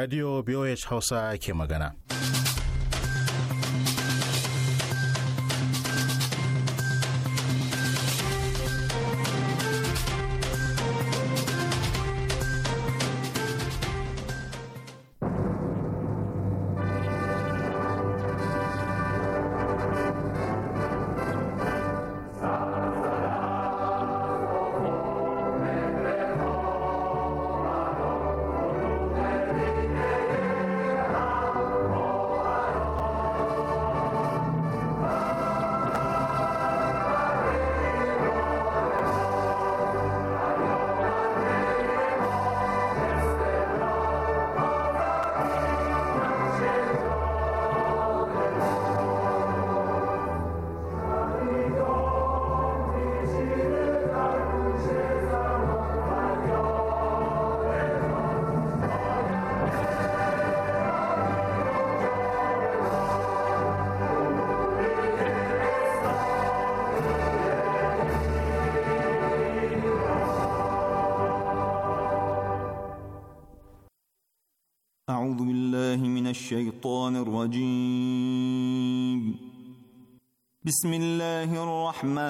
Radio BOH Hausa ke magana. بسم الله الرحمن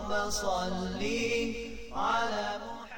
فصلي على محمد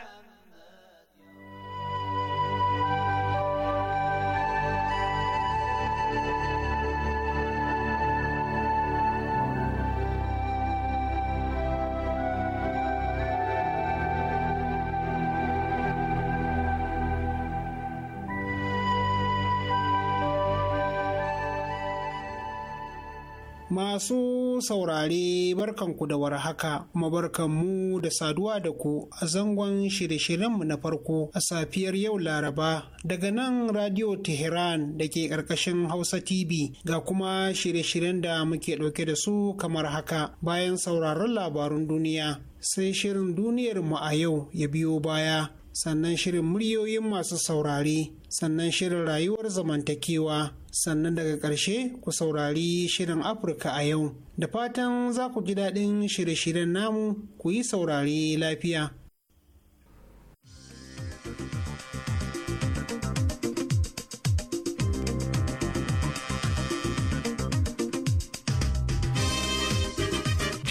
masu saurare barkanku da warhaka kuma mu da saduwa da ku a zangon shirye-shiryenmu na farko a safiyar yau Laraba daga nan Radio Tehran da ke ƙarƙashin Hausa TV ga kuma shirye-shiryen da muke ɗauke da su kamar haka bayan sauraron labarun duniya sai shirin duniyarmu a yau ya biyo baya. sannan shirin muryoyin masu saurari sannan shirin rayuwar zamantakewa sannan daga ƙarshe ku saurari shirin afirka a yau da fatan za ku ji daɗin shirye-shiryen namu ku yi saurari lafiya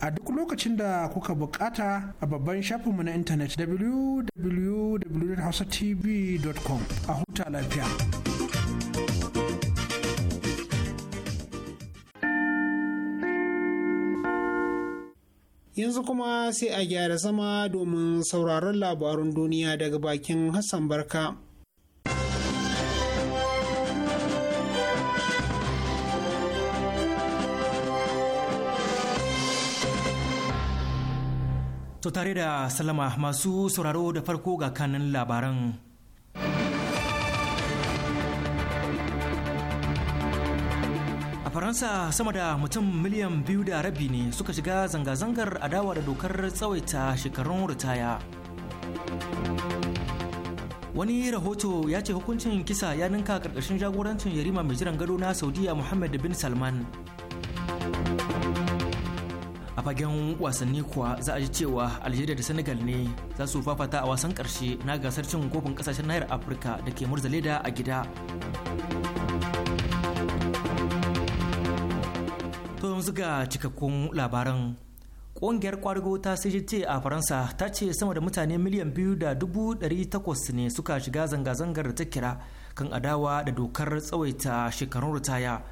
a duk lokacin da kuka bukata a babban shafinmu na intanet www.hausatv.com a huta lafiya. Yanzu kuma sai a gyara zama domin sauraron labarun duniya daga bakin Hassan Barka. To tare da salama masu sauraro da farko ga kanin labaran. A Faransa sama da mutum miliyan biyu da rabi ne suka shiga zanga-zangar adawa da dokar tsawaita shekarun ritaya. Wani rahoto ya ce hukuncin kisa ya ninka karkashin jagorancin yarima mai jiran gado na Saudiya Muhammad bin Salman. fagen wasanni kuwa za a ji cewa Algeria da Senegal ne za su fafata a wasan karshe na gasar cin kofin kasashen nahiyar Afirka da ke murzale da a gida. To yanzu ga cikakkun labaran Ƙungiyar kwarigo ta CGT a Faransa ta ce sama da mutane miliyan biyu da dubu ɗari takwas ne suka shiga zanga-zangar da ta kira kan adawa da dokar tsawaita shekarun ritaya.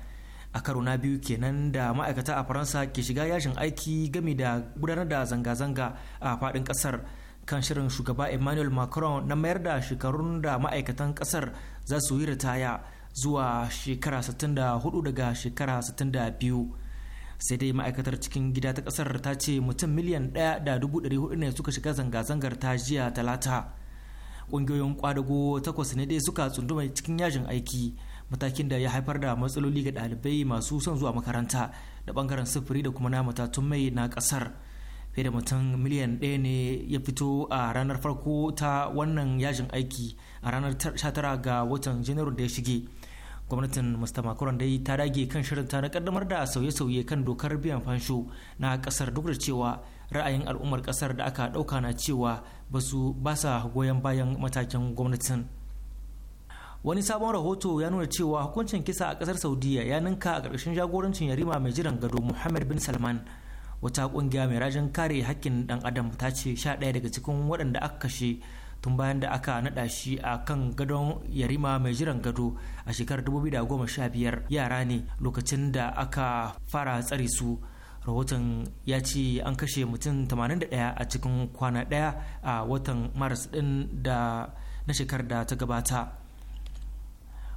a karo na biyu kenan da ma'aikata a faransa ke shiga yashin aiki game da gudanar da zanga-zanga a faɗin ƙasar kan shirin shugaba emmanuel macron na mayar da shekarun da ma'aikatan ƙasar za su yi ritaya zuwa shekara 64 daga shekara 62 sai dai ma'aikatar cikin gida ta ƙasar ta ce mutum miliyan 1.400 ne suka shiga zanga-zangar ta jiya talata ƙungiyoyin kwadago takwas ne dai suka tsunduma cikin yajin aiki matakin da ya haifar da matsaloli ga ɗalibai masu son zuwa makaranta da bangaren sufuri da kuma na matatun mai na ƙasar fiye da mutum miliyan ɗaya ne ya fito a ranar farko ta wannan yajin aiki a ranar 19 ga watan janairu da ya shige gwamnatin mr macron dai ta dage kan shirin ta na kaddamar da sauye-sauye kan dokar biyan fansho na kasar duk da cewa ra'ayin al'ummar kasar da aka ɗauka na cewa ba su ba goyon bayan matakin gwamnatin wani sabon rahoto ya nuna cewa hukuncin kisa a kasar saudiya ya ninka a ƙarƙashin jagorancin yarima mai jiran gado muhammad bin salman wata ƙungiya mai rajin kare hakkin ɗan adam ta ce sha ɗaya daga cikin waɗanda aka kashe tun bayan da aka naɗa shi a kan gadon yarima mai jiran gado a shekarar 2015 yara ne lokacin da aka fara tsare su rahoton ya ce an kashe mutum 81 a cikin kwana daya a watan maris din da na shekarar da ta gabata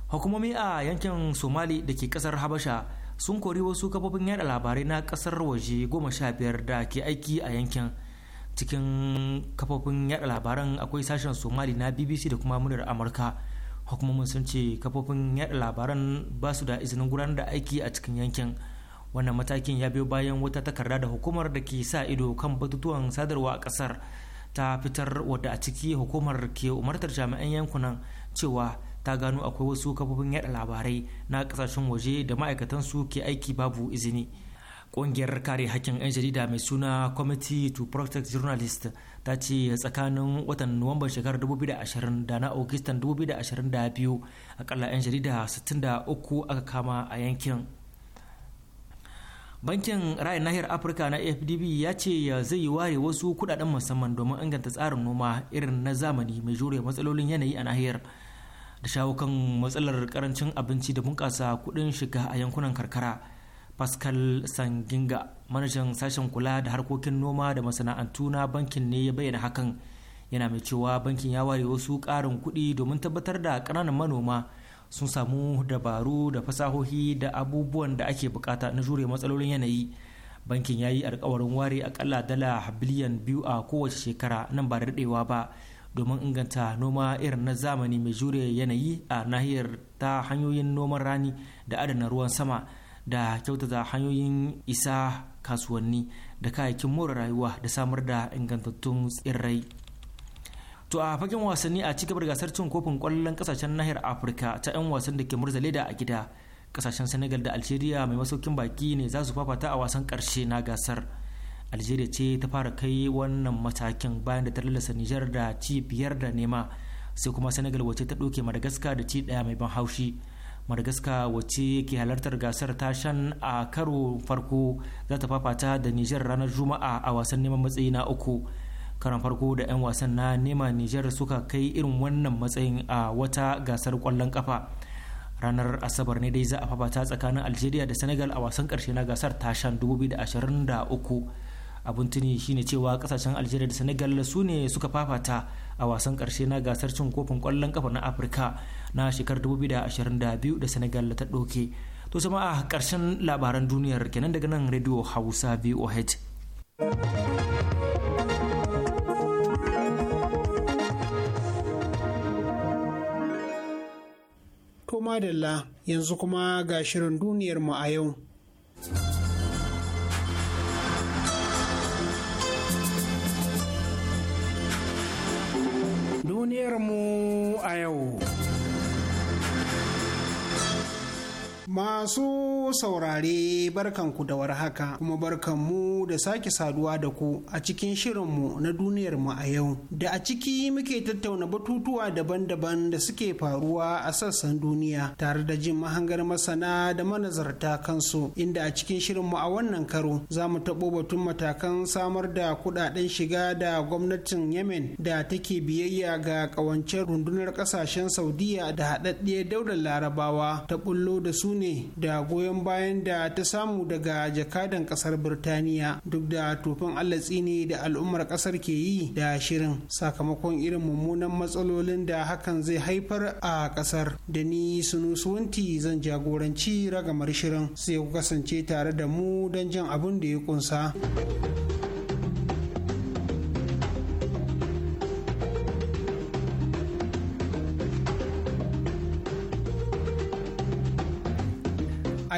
hukumomi a yankin somali da ke kasar habasha sun kori wasu kafofin yada labarai na kasar waje goma sha biyar da ke aiki a yankin cikin kafofin yada labaran akwai sashen somali na bbc da kuma muryar amurka hukumomin sun ce kafofin yada labaran ba su da izinin gudanar da aiki a cikin yankin wannan matakin ya biyo bayan wata takarda da hukumar da ke sa ido kan batutuwan sadarwa a kasar ta fitar wadda a ciki hukumar ke umartar jami'an yankunan cewa ta gano akwai wasu kafofin yada labarai na kasashen waje da ma'aikatan su ke aiki babu izini ƙungiyar kare hakkin 'yan jarida mai suna committee to protect journalists ta ce tsakanin watan nuwamba shekarar 2020 da na augustan 2022 akalla 'yan jarida 63 aka kama a yankin bankin raya nahiyar afirka na fdb ya ce zai yi ware wasu kudaden musamman domin inganta tsarin noma irin na zamani mai jure matsalolin yanayi a nahiyar da shawo kan matsalar karancin abinci da bunƙasa kuɗin shiga a yankunan karkara pascal sanginga manajan sashen kula da harkokin noma da masana'antu na bankin ne ya bayyana hakan yana mai cewa bankin ya ware wasu ƙarin kuɗi domin tabbatar da ƙananan manoma sun samu dabaru da fasahohi da abubuwan da ake bukata na jure matsalolin yanayi bankin ya yi alkawarin ware akalla dala biliyan biyu a kowace shekara nan ba da daɗewa ba domin inganta noma irin na zamani mai jure yanayi a nahiyar ta hanyoyin noman rani da adana ruwan sama da kyautata hanyoyin isa kasuwanni da kayayyakin more rayuwa da samar da ingantattun tsirrai to a fagen wasanni a cikin gasar cin kofin kwallon kasashen nahiyar afirka ta 'yan wasan da ke murzale leda a gida kasashen senegal da algeria mai masaukin baki ne za su fafata a wasan karshe na gasar algeria ce ta fara kai wannan matakin bayan da ta lalasa niger da ci biyar da nema sai kuma senegal wace ta ɗauke madagascar da ci ɗaya mai ban haushi madagascar wace ke halartar gasar tashan a karo farko za ta fafata da niger ranar juma'a a wasan neman matsayi na uku karan farko da 'yan wasan na nema niger suka kai irin wannan matsayin a wata gasar kwallon kafa ranar asabar ne dai za a fafata tsakanin algeria da senegal a wasan karshe na gasar tashan 2023 abin tuni shine cewa kasashen algeria da senegal su ne suka fafata a wasan karshe na gasar cin kofin kwallon kafa na afirka na shekarar 2022 da senegal ta doke to sama a karshen labaran duniyar kenan daga nan radio hausa voh To madalla yanzu kuma ga shirin duniyar mu a yau. duniyarmu a yau. Masu saurare barkanku da haka kuma barkanmu da sake saduwa da ku a cikin shirin mu na duniyarmu a yau. Da a ciki muke tattauna batutuwa daban-daban da suke faruwa a sassan duniya tare da jin mahangar masana da manazarta kansu inda a cikin shirin mu a wannan karo za mu taɓo batun matakan samar da kuɗaɗen shiga da gwamnatin Yemen da take biyayya ga ƙawancen rundunar ƙasashen Saudiya da haɗaɗɗiyar daular Larabawa ta bullo da su ne da goyon bayan da ta samu daga jakadan kasar birtaniya duk da tofin allatsi ne da al'ummar kasar ke yi da shirin sakamakon irin mummunan matsalolin da hakan zai haifar a kasar da ni suwanti zan jagoranci ragamar shirin sai ku kasance tare da mu don jin abin da ya kunsa.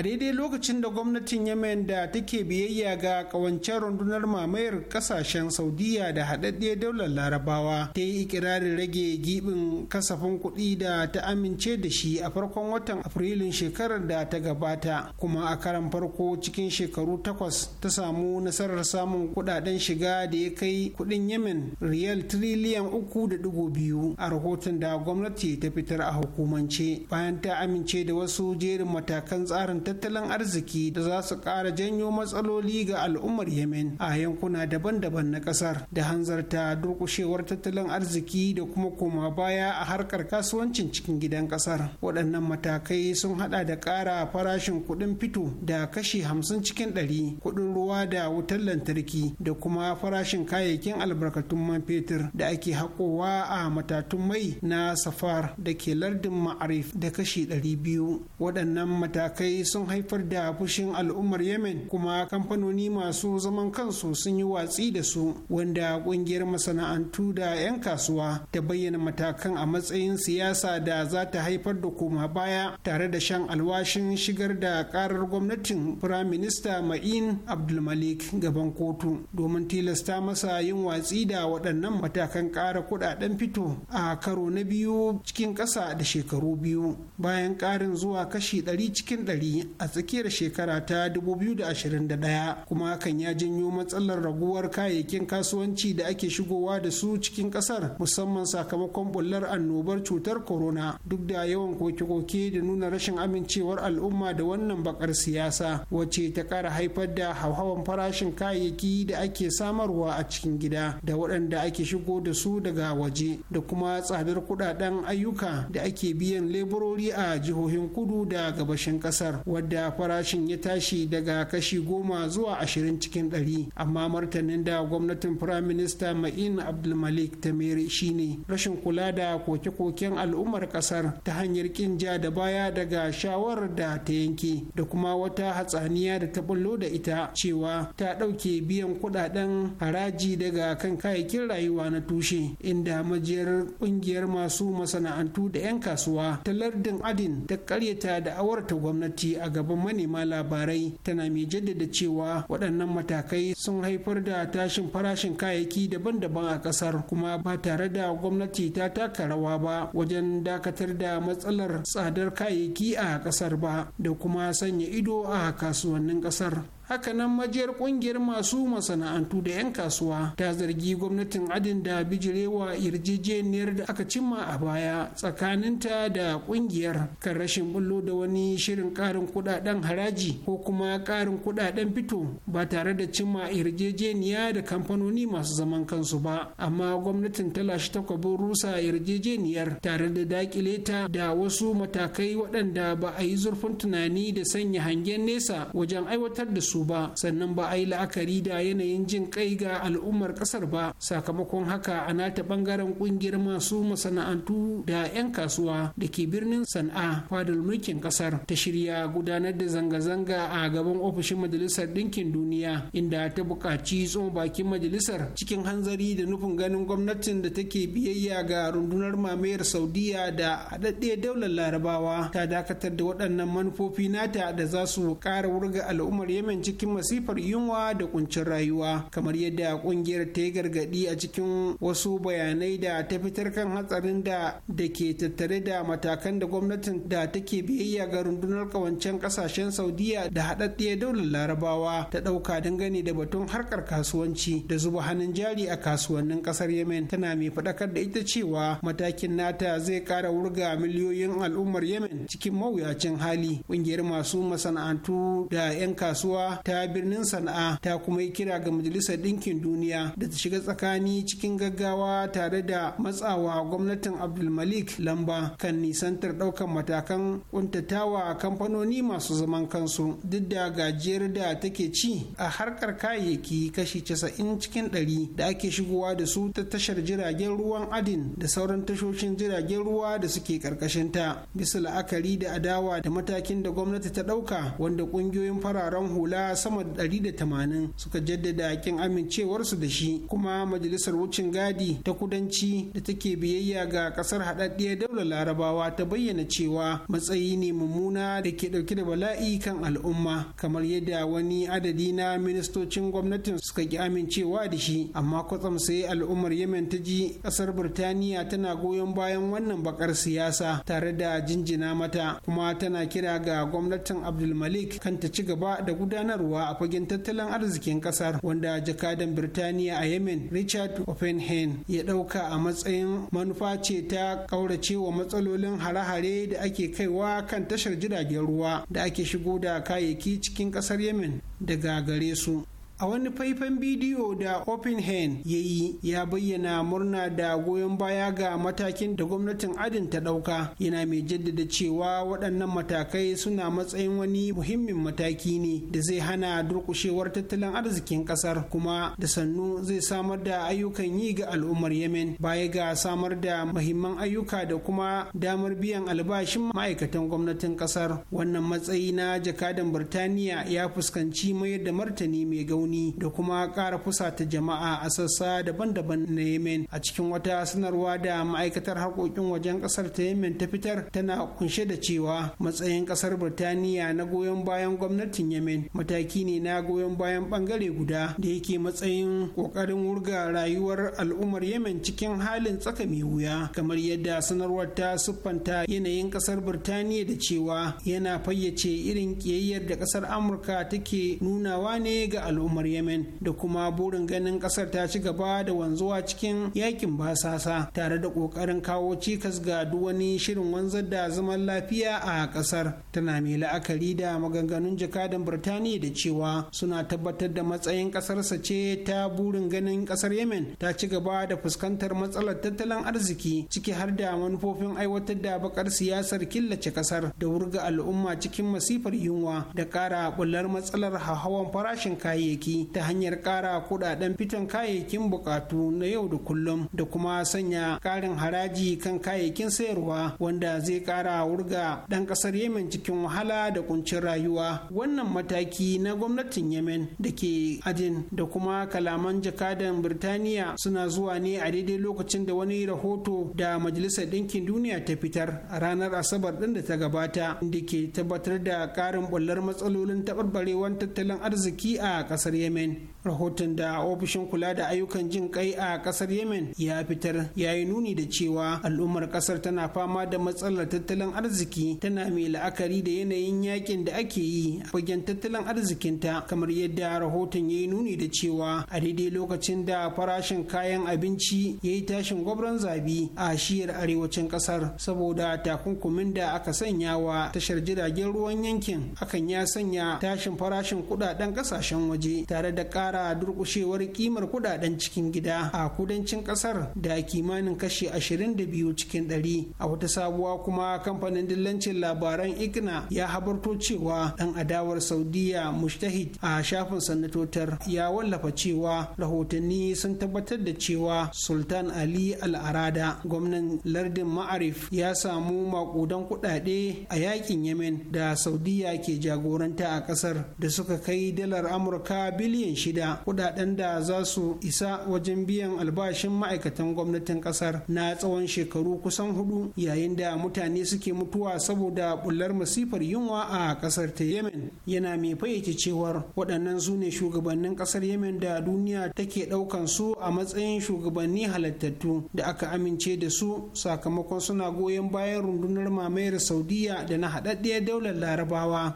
daidai lokacin da gwamnatin yemen da take biyayya ga kawancen rundunar mamayar kasashen saudiya da haɗaɗɗiyar daular larabawa ta yi ikirarin rage gibin kasafin kuɗi da ta amince da shi a farkon watan afrilun shekarar da ta gabata kuma a karan farko cikin shekaru takwas ta samu nasarar samun kuɗaɗen shiga da ya kai kuɗin yemen riyal tiriliyan uku da dubu biyu a rahoton da gwamnati ta fitar a hukumance bayan ta amince da wasu jerin matakan tsarin tattalin arziki da za su ƙara janyo matsaloli ga al'ummar yemen a yankuna daban-daban na ƙasar da hanzarta durƙushewar tattalin arziki da kuma koma baya a harkar kasuwancin cikin gidan ƙasar waɗannan matakai sun haɗa da ƙara farashin kuɗin fito da kashi hamsin cikin ɗari kuɗin ruwa da wutar lantarki da kuma farashin kayayyakin albarkatun man fetur da ake haƙowa a matatun mai na safar da ke lardin ma'arif da kashi ɗari biyu waɗannan matakai sun sun haifar da fushin al'ummar yemen kuma kamfanoni masu zaman kansu sun yi watsi da su wanda kungiyar masana'antu da 'yan kasuwa ta bayyana matakan a matsayin siyasa da za ta haifar da koma baya tare da shan alwashin shigar da karar gwamnatin firaminista ma'in abdulmalik gaban kotu domin tilasta masa yin watsi da waɗannan matakan ƙara kuɗaɗen fito a karo na biyu cikin ƙasa da shekaru biyu bayan ƙarin zuwa kashi 100 cikin 100 a tsakiyar shekara ta 2021 kuma hakan ya janyo matsalar raguwar kayayyakin kasuwanci da ake shigowa da su cikin kasar musamman sakamakon bullar annobar cutar corona duk da yawan koke-koke da nuna rashin amincewar al'umma da wannan bakar siyasa wace ta kara haifar da hauhawan farashin kayayyaki da ake samarwa a cikin gida da waɗanda ake shigo da su daga waje da kuma tsadar kuɗaɗen ayyuka da ake biyan leburori a jihohin kudu da gabashin ƙasar? wadda farashin ya tashi daga kashi goma zuwa ashirin cikin ɗari amma martanin da gwamnatin firaminista ma'in abdulmalik ta tamere shine rashin kula da koke-koken al'ummar ƙasar ta hanyar kin ja da baya daga shawarar da ta yanke da kuma wata hatsaniya da ta bullo da ita cewa ta ɗauke biyan kuɗaɗen haraji daga kan kayayyakin rayuwa na tushe inda majiyar ƙungiyar masu masana'antu da 'yan kasuwa ta lardin adin ta karyata da awarta gwamnati a gaban manema labarai tana mai jaddada cewa waɗannan matakai sun haifar da tashin farashin kayayyaki daban-daban a ƙasar kuma ba tare da gwamnati ta taka rawa ba wajen dakatar da matsalar tsadar kayayyaki a ƙasar ba da kuma sanya ido a kasuwannin ƙasar. hakanan majiyar kungiyar masu masana'antu da 'yan kasuwa ta zargi gwamnatin adin da bijirewa yarjejeniyar da aka cimma a baya tsakaninta da kungiyar kan rashin bullo da wani shirin karin kudaden haraji ko kuma karin kudaden fito ba tare da cimma yarjejeniya da kamfanoni masu zaman kansu ba amma gwamnatin ta lashe takwabin rusa yarjejeniyar tare da dakile ta da wasu matakai waɗanda ba a yi zurfin tunani da sanya hangen nesa wajen aiwatar da su ba sannan ba a yi la'akari da yanayin jin kai ga al'ummar kasar ba sakamakon haka a nata bangaren kungiyar masu masana'antu da 'yan kasuwa da ke birnin sana'a fadar mulkin kasar ta shirya gudanar da zanga-zanga a gaban ofishin majalisar ɗinkin duniya inda ta buƙaci tsoma bakin majalisar cikin hanzari da nufin ganin gwamnatin da take biyayya ga rundunar mamayar saudiya da haɗaɗɗe daular larabawa ta dakatar da waɗannan manufofi nata da za su ƙara wurga al'ummar yemen cikin masifar yunwa da kuncin rayuwa kamar yadda kungiyar ta yi gargadi a cikin wasu bayanai da ta fitar kan hatsarin da da ke tattare da matakan da gwamnatin da take biyayya ga rundunar kawancen kasashen saudiya da haɗaɗɗiyar daular larabawa ta ɗauka dangane da batun harkar kasuwanci da zuba hannun jari a kasuwannin ƙasar yemen tana mai faɗakar da ita cewa matakin nata zai ƙara wurga miliyoyin al'ummar yemen cikin mawuyacin hali ƙungiyar masu masana'antu da 'yan kasuwa ta birnin sana'a ta kuma yi kira ga majalisar ɗinkin duniya da ta shiga tsakani cikin gaggawa tare da matsawa gwamnatin abdulmalik lamba kan nisantar ɗaukar matakan kuntatawa kamfanoni masu zaman kansu duk da gajiyar da take ci a harkar kayayyaki kashi casa'in cikin ɗari da ake shigowa da su ta tashar jiragen ruwan adin da sauran tashoshin jiragen ruwa da suke ta bisa la'akari da adawa da matakin da gwamnati ta ɗauka wanda ƙungiyoyin fararen hula guda sama da 180 suka jaddada kin amincewarsu da shi kuma majalisar wucin gadi ta kudanci da take biyayya ga kasar haɗaɗɗiyar daular larabawa ta bayyana cewa matsayi ne mummuna da ke ɗauke da bala'i kan al'umma kamar yadda wani adadi na ministocin gwamnatin suka ki amincewa da shi amma kwatsam sai al'ummar yemen ta ji ƙasar birtaniya tana goyon bayan wannan bakar siyasa tare da jinjina mata kuma tana kira ga gwamnatin abdulmalik kan ta ci gaba da gudanar sanarwa a fagen tattalin arzikin kasar wanda jakadan birtaniya a yemen richard offenhen ya dauka a matsayin manufa ce ta ƙauracewa matsalolin hare-hare da ake kaiwa kan tashar jiragen ruwa da ake shigo da kayayyaki cikin kasar yemen daga gare su a wani faifan bidiyo da oppenheim ya yi ya bayyana murna da goyon baya ga matakin da gwamnatin adin ta ɗauka yana mai jaddada cewa waɗannan matakai suna matsayin wani muhimmin mataki ne da zai hana durƙushewar tattalin arzikin ƙasar kuma da sannu zai samar da ayyukan yi ga al'ummar yemen baya ga samar da mahimman ayyuka da kuma damar biyan albashin ma'aikatan gwamnatin ƙasar wannan matsayi na jakadan birtaniya ya fuskanci mayar da martani mai gauni rauni da kuma ƙara fusata jama'a a sassa daban-daban na yemen a cikin wata sanarwa da ma'aikatar harkokin wajen ƙasar ta yemen ta fitar tana kunshe da cewa matsayin ƙasar birtaniya na goyon bayan gwamnatin yemen mataki ne na goyon bayan ɓangare guda da yake matsayin ƙoƙarin wurga rayuwar al'ummar yemen cikin halin tsaka mai wuya kamar yadda sanarwar ta siffanta yanayin ƙasar birtaniya da cewa yana fayyace irin ƙiyayyar da ƙasar amurka take nunawa ne ga al'umma al'ummar yemen da kuma burin ganin kasar ta ci gaba da wanzuwa cikin yakin basasa tare da kokarin kawo cikas ga duk wani shirin wanzar da zaman lafiya a kasar tana mai la'akari da maganganun jakadan birtaniya da cewa suna tabbatar da matsayin kasarsa ce ta burin ganin kasar yemen ta ci gaba da fuskantar matsalar tattalin arziki ciki har da manufofin aiwatar da bakar siyasar killace kasar da wurga al'umma cikin masifar yunwa da kara bullar matsalar hawan farashin kayayyaki ciki ta hanyar ƙara kuɗaɗen fitan kayayyakin buƙatu na yau da kullum da kuma sanya ƙarin haraji kan kayayyakin sayarwa wanda zai ƙara wurga ɗan ƙasar Yemen cikin wahala da kuncin rayuwa. Wannan mataki na gwamnatin Yemen da ke Adin da kuma kalaman jakadan Birtaniya suna zuwa ne a daidai lokacin da wani rahoto da Majalisar Ɗinkin Duniya ta fitar a ranar Asabar ɗin da ta gabata da ke tabbatar da ƙarin bullar matsalolin taɓarɓarewar tattalin arziki a ƙasar kasar yemen rahoton da ofishin kula da ayyukan jin kai a kasar yemen ya fitar ya yi nuni da cewa al'ummar kasar tana fama da matsalar tattalin arziki tana mai la'akari da yanayin yakin da ake yi a fagen tattalin arzikinta kamar yadda rahoton ya yi nuni da cewa a daidai lokacin da farashin kayan abinci ya yi tashin gwabron zabi a shiyar arewacin kasar saboda takunkumin da aka sanya wa tashar jiragen ruwan yankin akan ya sanya tashin farashin kudaden kasashen waje tare da ƙara durƙushewar kimar kudaden cikin gida a kudancin ƙasar da kimanin kashi 22 cikin 100 a wata sabuwa kuma kamfanin dillancin labaran igna ya habarto cewa ɗan adawar saudiya mushtahid a shafin sanatotar ya wallafa cewa rahotanni sun tabbatar da cewa sultan ali al'arada gwamnan lardin ma'arif ya samu makudan kudade a yakin Yamen da saudiya ke jagoranta a kasar da suka kai dalar amurka biliyan shida kudaden da za su isa wajen biyan albashin ma'aikatan gwamnatin kasar na tsawon shekaru kusan hudu yayin da mutane suke mutuwa saboda bullar masifar yunwa a kasar ta yemen yana mai fayyace cewar waɗannan su ne shugabannin kasar yemen da duniya take ɗaukan su a matsayin shugabanni halittattu da aka amince da su sakamakon suna goyon bayan rundunar mamayar saudiya da na haɗaɗɗiyar daular larabawa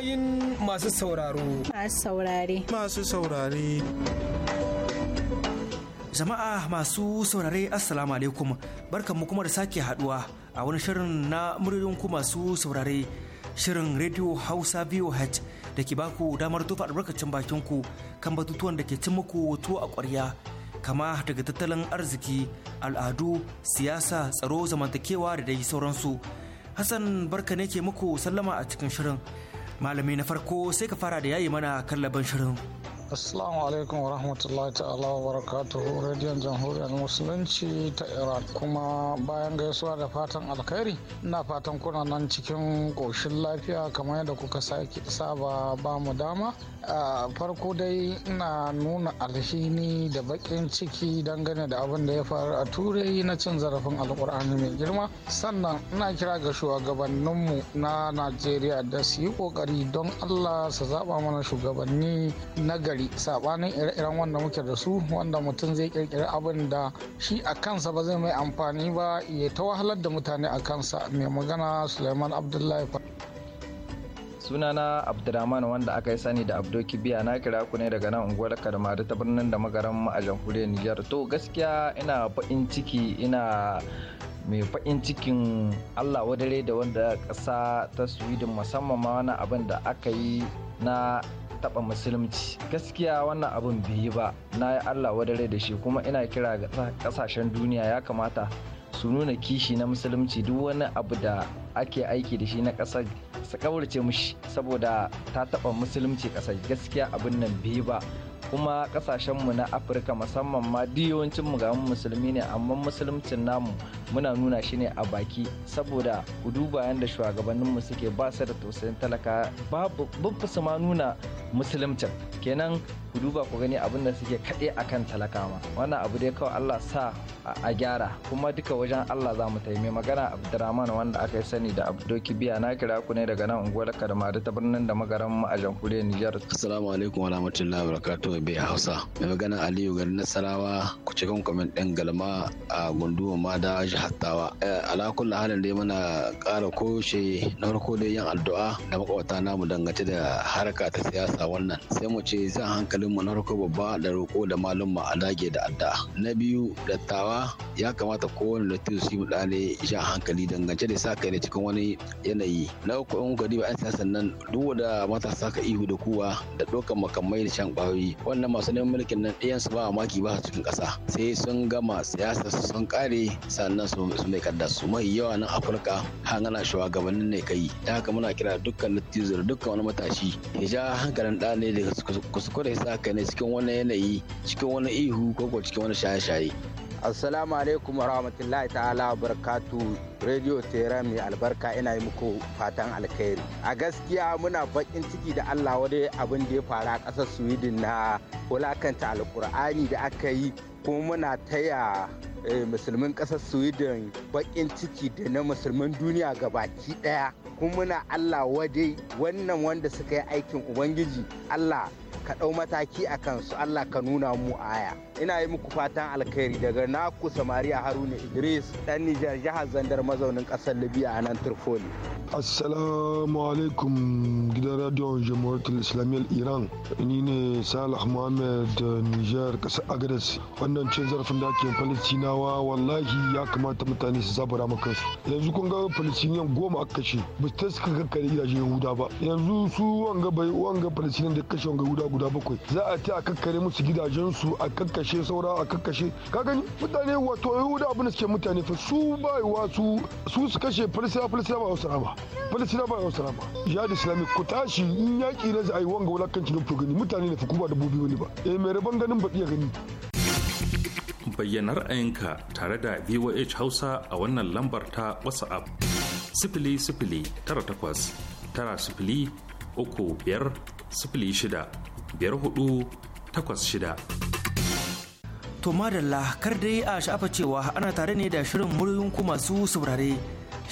Ra'ayoyin masu sauraro. Masu saurare. Masu saurare. Jama'a masu saurare Assalamu alaikum mu kuma da sake haduwa a wani shirin na muryoyin ku masu saurare shirin Radio Hausa VOH da ke baku damar tufa albarkacin bakin ku kan batutuwan da ke cin muku tuwo a ƙwarya kama daga tattalin arziki al'adu siyasa tsaro zamantakewa da dai sauransu Hassan barka ne ke muku sallama a cikin shirin malami na farko sai ka fara da yayi mana kallaban shirin Assalamu alaikum wa ta'ala wa barakatuhu radiyon jamhuriyar musulunci ta Iran kuma bayan gaisuwa da fatan alkhairi ina fatan kuna nan cikin ƙoshin lafiya kamar yadda kuka sake saba ba mu dama farko dai ina nuna alhini da baƙin ciki dangane da abin da ya faru a turai na cin zarafin alkur'ani mai girma sannan ina kira ga shugabanninmu na najeriya da su yi ƙoƙari don allah su zaɓa mana shugabanni na gari kokari sabanin ire-iren wanda muke da su wanda mutum zai kirkiri abin da shi a kansa ba zai mai amfani ba ya ta wahalar da mutane a kansa mai magana suleiman abdullahi sunana abdulrahman wanda aka yi sani da abdo kibiya na kira ku ne daga nan unguwar karmari ta birnin da magaran a jamhuriyar nijar to gaskiya ina baƙin ciki ina mai faɗin cikin allah wadare da wanda ƙasa ta sweden musamman ma wani abin da aka yi na taɓa musulunci gaskiya wannan abin bai yi ba na yi allah wadare da shi kuma ina kira ga ƙasashen duniya ya kamata su nuna kishi na musulunci duk wani abu da ake aiki da shi na ƙasar su kaurace mushi saboda ta taɓa musulunci ƙasar gaskiya abin nan bai ba kuma kasashenmu na afirka musamman ma yawancin mu ga musulmi ne amma musulmcin namu muna nuna shi ne a baki saboda ku duba yadda shugabanninmu suke ba su da tausayin talaka babu su ma nuna musulmcin kenan ku duba ku gani abin da suke kaɗe akan talakawa wannan abu dai kawai Allah sa a gyara kuma duka wajen Allah za mu taimi magana Abdurrahman wanda aka yi sani da Abdoki Biya na kira ku ne daga nan unguwar da ta birnin da magaran mu a jamhuriyar Nijar. Assalamu alaikum wa wa barakatuh bai Hausa. Mai magana Aliyu garin Nasarawa ku ci kan comment ɗin galma a gunduwa Mada da Tawa. Eh, ala kullu halin dai muna ƙara koshe na farko dai yin addu'a da makwabta namu dangance da harka ta siyasa wannan sai mu ce zan hankali hankalinmu na rako babba da roko da malum a dage da adda na biyu dattawa ya kamata kowane dattijo su yi mutane sha hankali dangance da sa kai da cikin wani yanayi na uku in kuka ba 'yan siyasan nan duk da matasa ka ihu da kuwa da ɗaukar makamai da shan ƙwayoyi wannan masu neman mulkin nan ɗayan su ba maki ba cikin ƙasa sai sun gama siyasa sun kare sannan su mai kadda su mai yawa nan afirka hangana shugabannin ne kai ta haka muna kira dukkan dattijo da dukkan wani matashi ya ja hankalin ɗane da kuskure sa haka ne cikin wani yanayi cikin wani ihu ko cikin wani shaye-shaye assalamu alaikum rahmatullahi ta'ala barkatu radio tera mai albarka ina yi muku fatan alkhairi a gaskiya muna bakin ciki da allah wani abin da ya faru a ƙasar sweden na wulakanta alkur'ani da aka yi kuma muna taya eh, musulmin ƙasar sweden bakin ciki da na musulmin duniya gabaki ɗaya kuma muna allah wadai wannan wanda suka yi aikin ubangiji allah ka ɗau mataki a kansu Allah ka nuna mu aya ina yi muku fatan alkhairi daga naku samariya haruna idris dan nijar jihar zandar mazaunin ƙasar libya a nan turfoli assalamu alaikum gidan radio jamhuriyar islamiyyar iran ni ne salah muhammad eh, nijar ƙasar agadas wannan cin zarafin da ake falistinawa wallahi ya kamata mutane su zabara maka yanzu kun ga falistiniyan goma aka kashe ba ta suka kakkare gidajen yahuda ba yanzu su wanga bai wanga falistiniyan da kashe wanga yahuda guda bakwai za a ta a kakkare musu gidajensu a kakkashe saura a kakkashe ka gani mutane wato yahuda abin da suke mutane fa su baiwa su su su kashe falisira falisira ba hausa ba falisira ba hausa ba jihad islami ku tashi in yaki na za a yi wanga wulakanci na gani mutane da fa kuma dabbobi wani ba eh mai rabon ganin ba iya gani bayyana ra'ayinka tare da voh hausa a wannan lambar ta whatsapp sifili sifili tara takwas tara sifili uku biyar sifili shida biyar takwas shida. To madalla kar dai a sha'afa cewa ana tare ne da shirin muryoyin ku masu saurare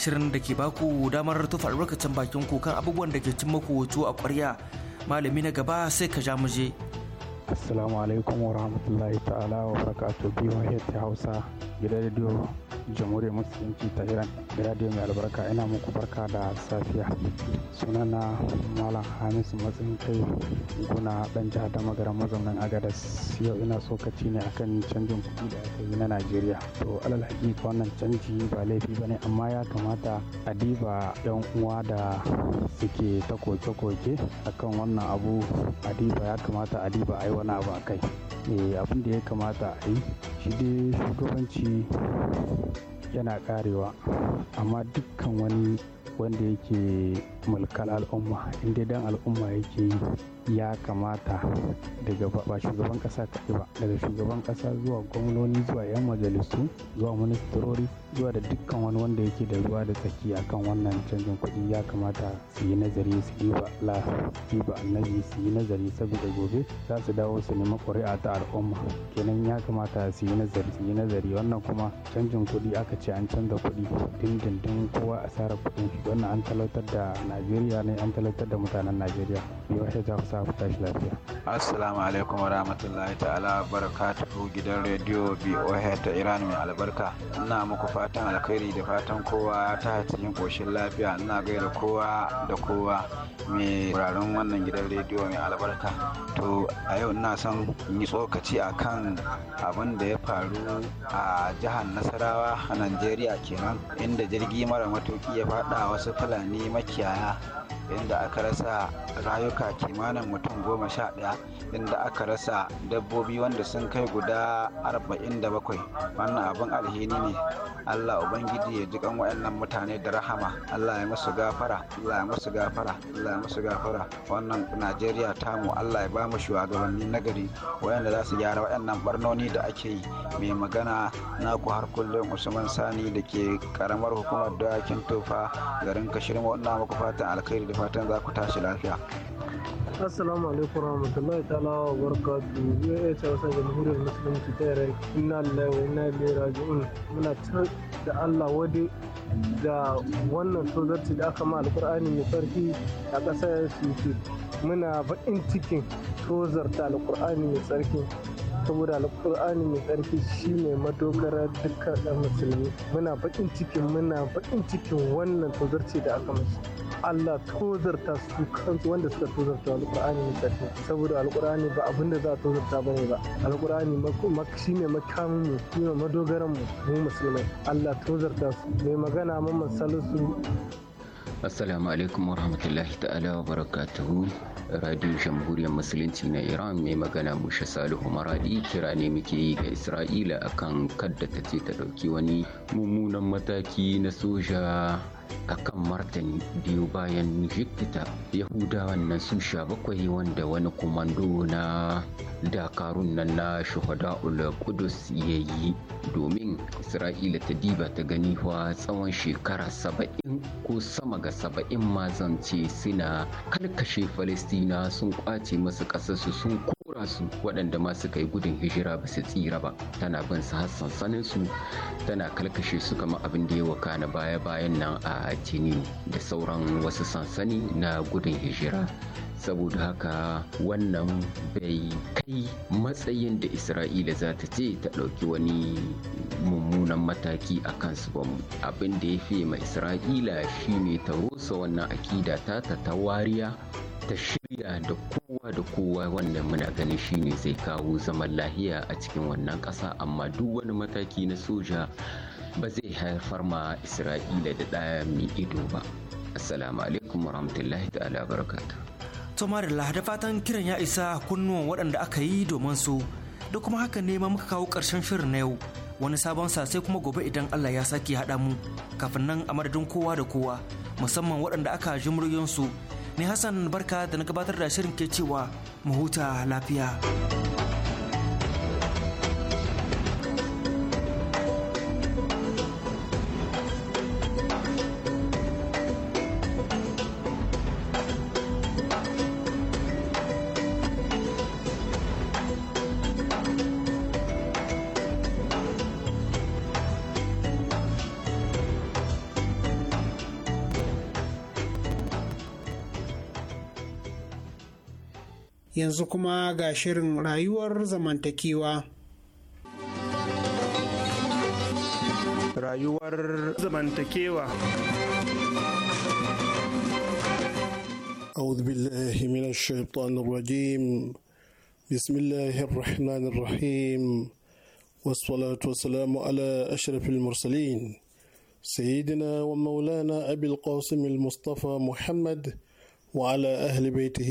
shirin da ke baku damar tufa albarkacin bakin ku kan abubuwan da ke cin maku a kwarya malami na gaba sai ka ja muje. Assalamu alaikum wa rahmatullahi ta'ala wa barakatuh biyu hausa gidan rediyo jamhuriyar musulunci ta iran radio mai albarka ina muku barka da safiya sunana malam hamisu matsin kai guna dan jihar ta magaran mazaunin agadas yau ina sokaci ne akan canjin kuɗi da aka yi na najeriya to alal hakika wannan canji ba laifi ne amma ya kamata a diba yan uwa da suke ta koke-koke akan wannan abu a diba ya kamata a diba a yi wani abu a kai eh, abin da ya kamata a yi shi dai shugabanci yana karewa amma dukkan wani wanda yake mulkar al'umma inda dan al'umma yake yi ya kamata daga ba shugaban kasa kaɗai ba daga shugaban kasa zuwa gwamnoni zuwa 'yan majalisu zuwa ministerori zuwa da dukkan wani wanda yake da ruwa da tsaki akan wannan canjin kuɗi ya kamata su yi nazari su yi ba la su yi ba annabi su yi nazari saboda gobe za su dawo su nemi ƙuri'a ta al'umma kenan ya kamata su yi nazari su yi nazari wannan kuma canjin kuɗi aka ce an canza kuɗi dindindin kowa asarar kuɗin shi wannan an talautar da na najeriya ne an talautar da mutanen najeriya yau ya ta fasa ku tashi lafiya assalamu alaikum warahmatullahi ta'ala barakatuhu gidan rediyo boh ta iran mai albarka ina muku fatan alkhairi da fatan kowa ta cikin koshin lafiya ina gaida kowa da kowa mai wuraren wannan gidan rediyo mai albarka to a yau ina son yi tsokaci akan abin da ya faru a jihar nasarawa a najeriya kenan inda jirgi mara matuki ya faɗa wasu fulani makiyaya yeah. inda aka rasa rayuka kimanin mutum goma sha ɗaya inda aka rasa dabbobi wanda sun kai guda arba'in da bakwai wannan abin alheri ne allah ubangiji ya ji kan wa'annan mutane da rahama allah ya musu gafara allah ya musu gafara allah ya musu gafara wannan najeriya tamu allah ya ba mu shugabanni nagari wayanda za su gyara wa'annan barnoni da ake yi mai magana naku har kullum usman sani da ke karamar hukumar doyakin tofa garin kashirin wannan muku fatan alkai alheri da fatan za ku tashi lafiya assalamu alaikum warahmatullahi ta'ala wa barakatu zai ta wasan jamhuriyar musulunci ta yare ina lillahi wa inna ilaihi raji'un muna tar da Allah wade da wannan tozarci da aka ma alkur'ani mai sarki a ƙasar Sufi muna baƙin cikin tozar ta alkur'ani mai sarki saboda alkur'ani mai tsarki ne madogara dukkan ɗan musulmi muna baƙin cikin muna baƙin cikin wannan tozarci da aka mashi Allah tozarta su kansu wanda suka tozarta alƙur'ani mai tsarki saboda ba abin da za a tozarta bane ba alƙur'ani shi ne makamin mu shi ne madogaran mu mu musulmai Allah tozarta su mai magana mamman salisu assalamu alaikum rahmatullahi ta'ala wa barakatuhu radiyo jamhuriyar musulunci na iran mai magana musha salihu maradi kira ne muke yi ga isra'ila akan kadda ta ce ta dauki wani mummunan mataki na soja akan martani biyu bayan jikita yahudawan nan sun sha bakwai wanda wani kumando na dakarun nan na shuhada'ul kudus ya yi domin isra'ila ta diba ta gani wa tsawon shekara saba'in ko sama ga saba'in ma ce, suna kalkashe falistina sun kwace masu ƙasarsu sun kora su waɗanda ma suka yi gudun hijira ba su tsira ba tana bin su har sansanin su tana kalkashe su kamar abin da ya waka na baya bayan nan a Tini da sauran wasu sansani na gudun hijira saboda haka wannan bai kai matsayin da isra'ila za ta ce ta ɗauki wani mummunan mataki a kansu ba abin da ya fiye ma isra'ila shine ta rusa wannan akida ta ta wariya ta shirya da kowa da kowa wanda muna ganin shine zai kawo zaman lahiya a cikin wannan kasa amma duk wani mataki na soja ba zai haifar ma isra'ila da ɗaya mai ido ba assalamu alaikum warahmatullahi ta'ala barakatu to da fatan kiran ya isa kunnuwan waɗanda aka yi domin su da kuma haka ne ma muka kawo ƙarshen shirin na yau wani sabon sa sai kuma gobe idan Allah ya sake haɗa mu kafin nan a madadin kowa da kowa musamman waɗanda aka ji muryoyinsu ni hassan barka da na gabatar da shirin ke cewa mu huta lafiya yanzu kuma ga shirin rayuwar zamantakewa. Rayuwar zamantakewa. أعوذ بالله من الشيطان الرجيم بسم الله الرحمن الرحيم والصلاة والسلام على أشرف المرسلين سيدنا ومولانا أبي القاسم المصطفى محمد وعلى أهل بيته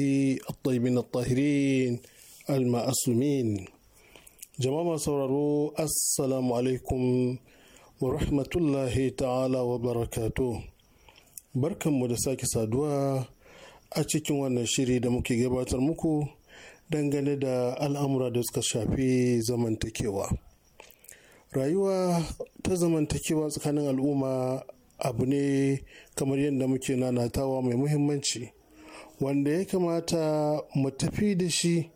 الطيبين الطاهرين wa جماعة ta'ala السلام عليكم ورحمة الله تعالى وبركاته بركة a cikin أتشكي وانا شيري muke gabatar muku dangane da al'amura da suka shafi zamantakewa rayuwa ta zamantakewa tsakanin al'umma abu ne kamar yadda muke nanatawa mai muhimmanci wanda ya kamata mu tafi da shi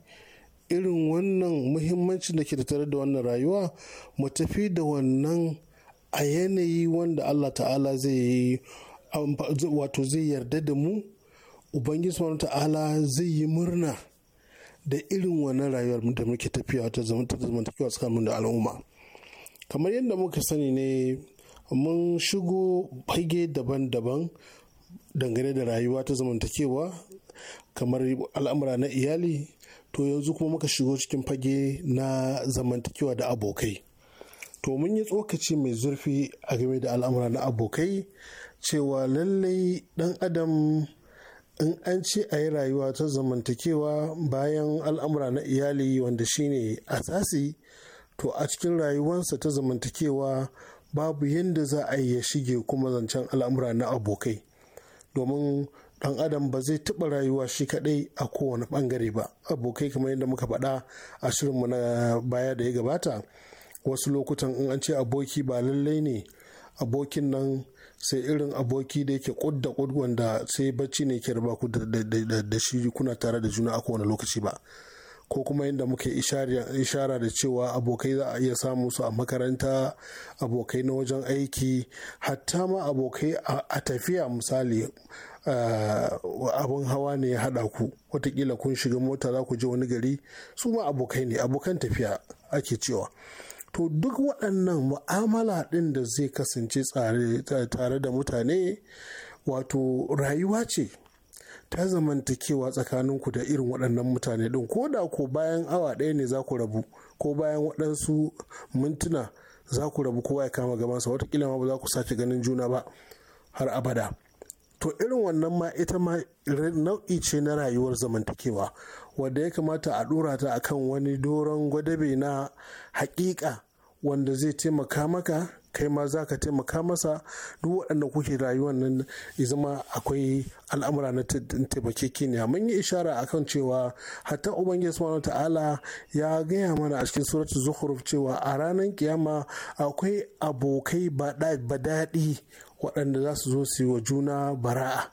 irin wannan muhimmancin da ke tattare da wannan rayuwa mu tafi da wannan a yanayi wanda Allah ta'ala zai yi wato zai yarda da mu ubangiji subhanahu ta'ala zai yi murna da irin wannan rayuwar da muke tafiya ta zamantakewa tsakanin da al'umma kamar yadda muka sani ne mun shigo fage daban-daban dangane da rayuwa ta zamantakewa kamar al'amura na iyali to yanzu kuma muka shigo cikin fage na zamantakewa da abokai to mun yi tsokaci mai zurfi a game da al'amura na abokai cewa lallai dan adam in an ce a yi rayuwa ta zamantakewa bayan al'amura na iyali wanda shine asasi to a cikin rayuwarsa ta zamantakewa babu yadda za a yi ya shige kuma zancen al'amura na abokai domin dan adam ba zai taɓa rayuwa shi kaɗai a kowane bangare ba abokai kamar yadda muka faɗa a shirinmu na baya da ya gabata wasu lokutan in an ce aboki ba lallai ne abokin nan sai irin aboki da yake kudda da wanda sai bacci ne ke raba ku da shi kuna tare da juna a kowane lokaci ba ko kuma yadda muke ishara da cewa abokai za a iya samu su a makaranta abokai na wajen aiki hatta ma abokai a tafiya misali Eh, abun hawa ne ya haɗa ku watakila kun shiga mota za ku je wani gari su ma abokai ne abokan tafiya ake cewa to duk waɗannan mu'amala ɗin da zai kasance tare da mutane wato rayuwa ce ta zamantakewa tsakaninku da irin waɗannan mutane ɗin ko da ko bayan awa ɗaya ne za ku rabu ko bayan waɗansu mintuna za ku rabu kowa ya kama gabansa watakila ma ba za ku sake ganin juna ba har abada to irin wannan ma ita ma nau'i ce na rayuwar zamantakewa wadda ya kamata a dora ta akan wani doron gwadabe na hakika wanda zai taimaka maka kai ma za ka taimaka masa duk waɗanda kuke rayuwar nan ya zama akwai al'amura na taimakekeniya mun yi ishara a kan cewa hatta ubangiji subhanahu ta'ala ya gaya mana a cikin suratul zukhruf cewa a ranar kiyama akwai abokai ba daɗi waɗanda za su zo su yi wa juna bara'a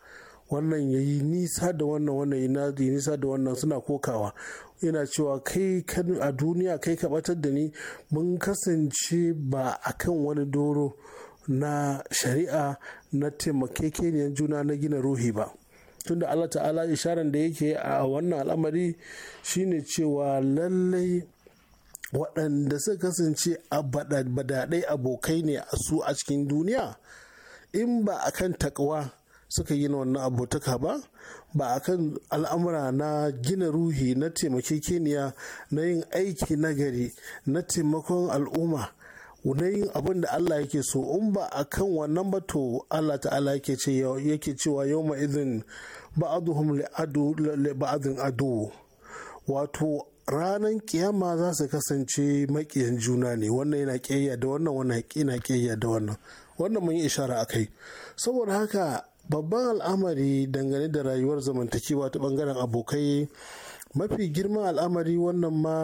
wannan ya yi nisa da wannan wannan ya nisa da wannan suna kokawa yana cewa kai a duniya kai ka batar da ni mun kasance ba a kan wani doro na shari'a na taimakekeniyar juna na gina ruhi ba tunda allah ta'ala isharar da yake a wannan al'amari shine cewa lallai waɗanda suka kasance a badaɗai abokai ne a su a cikin duniya in ba kan takawa suka yi na wannan abotaka ba ba kan al'amura na gina ruhi na taimakekeniya na yin aiki nagari na taimakon al'umma na yin abin da Allah yake so in ba a kan wannan ba to Allah ta'ala yake cewa yau ma izin ba'aduhum ba'adun adu wato ranar kiyama za su kasance makiyan juna ne wannan yana ƙiyayya da wannan wannan yana ƙiyayya da wannan wannan mun yi ishara a kai saboda haka babban al'amari dangane da rayuwar zamantakewa ta bangaren abokai mafi girman al'amari wannan ma